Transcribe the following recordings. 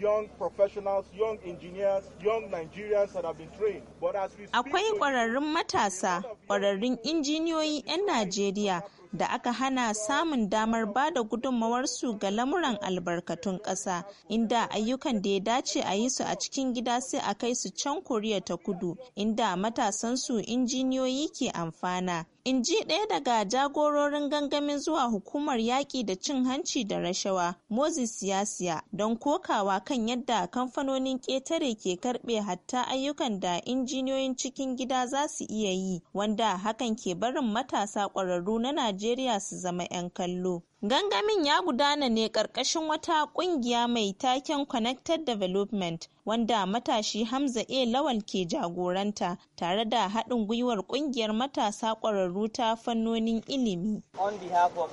young professionals, young engineers, young Nigerians that have been trained. But as we speak Akwai ƙwararrun matasa, ƙwararrun injiniyoyi 'yan Najeriya da aka hana samun damar ba da su ga lamuran albarkatun ƙasa inda ayyukan da ya dace a yi su a cikin gida sai a kai su can koriya ta kudu inda matasan su injiniyoyi ke amfana in ji ɗaya daga jagororin gangamin zuwa hukumar yaƙi da cin hanci da rashawa moses siyasiya don kokawa kan yadda kamfanonin ƙetare ke karɓe hatta ayyukan da injiniyoyin cikin gida za su iya yi wanda hakan ke barin matasa ƙwararru na najeriya Najeriya su zama 'yan kallo. Gangamin ya gudana ne ƙarƙashin wata ƙungiya mai taken Connected Development wanda matashi Hamza A. Lawal ke jagoranta tare da haɗin gwiwar ƙungiyar matasa ƙwararru ta fannonin ilimi. On behalf of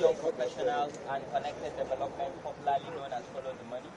Young Professionals and Connected Development, popularly known as Follow the Money,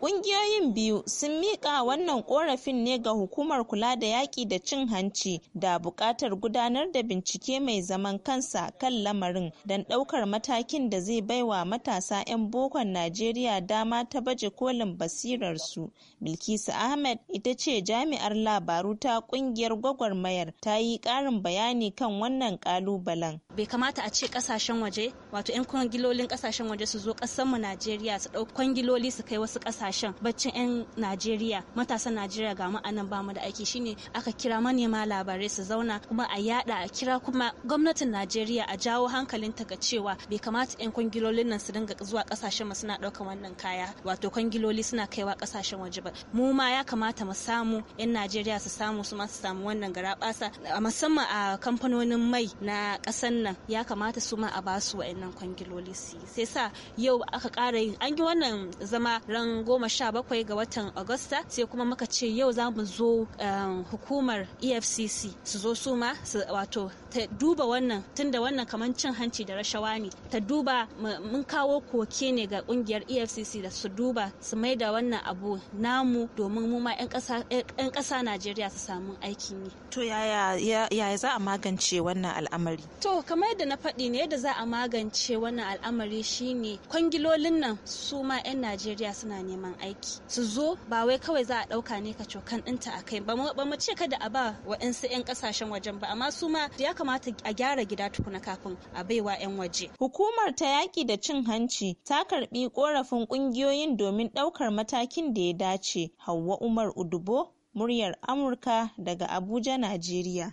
Ƙungiyoyin biyu sun miƙa wannan ƙorafin ne ga hukumar kula da yaƙi da cin hanci da buƙatar gudanar da bincike mai zaman kansa kan lamarin don ɗaukar matakin da zai baiwa matasa 'yan bokon Najeriya dama ta baje kolin basirarsu. Bilkisu Ahmed ita ce jami'ar labaru ta ƙungiyar gwagwarmayar ta yi ƙarin bayani kan wannan ƙalubalen. Bai kamata a ce ƙasashen waje wato 'yan kwangilolin ƙasashen waje su zo ƙasarmu Najeriya su ɗauki kwangiloli su kai wasu kasashen baccin 'yan najeriya matasan najeriya ga mu anan bamu da aiki shine aka kira manema labarai su zauna kuma a yada a kira kuma gwamnatin najeriya a jawo hankalin ta ga cewa bai kamata 'yan kwangilolin nan su dinga zuwa kasashen mu suna ɗaukan wannan kaya wato kwangiloli suna kaiwa kasashen waje ba mu ma ya kamata mu samu 'yan najeriya su samu su ma su samu wannan garabasa musamman a kamfanonin mai na kasan nan ya kamata su ma a basu wa'annan kwangiloli su sai sa yau aka kara yin an yi wannan wannan zama ran goma sha bakwai ga watan agusta sai kuma muka ce yau za mu zo um, hukumar efcc su zo su ma su wato ta duba wannan tunda wannan kamar cin hanci da rashawa ne ta duba mun kawo koke ne ga kungiyar efcc da su duba su mai da wannan abu namu domin mu ma 'yan kasa najeriya su samu aikin yi to yaya za a magance wannan al'amari to kamar yadda na faɗi ne yadda za a magance wannan al'amari shine kwangilolin nan su kuma 'yan Najeriya suna neman aiki su zo ba wai kawai za a ɗauka ne ka cokan ɗinta a kai ba mu ce kada a ba wa'insu 'yan ƙasashen wajen ba amma su ma ya kamata a gyara gida tukuna kafin a baiwa 'yan waje. Hukumar ta yaƙi da cin hanci ta karɓi ƙorafin ƙungiyoyin domin ɗaukar matakin da ya dace. Hauwa Umar Udubo, muryar Amurka daga Abuja, Najeriya.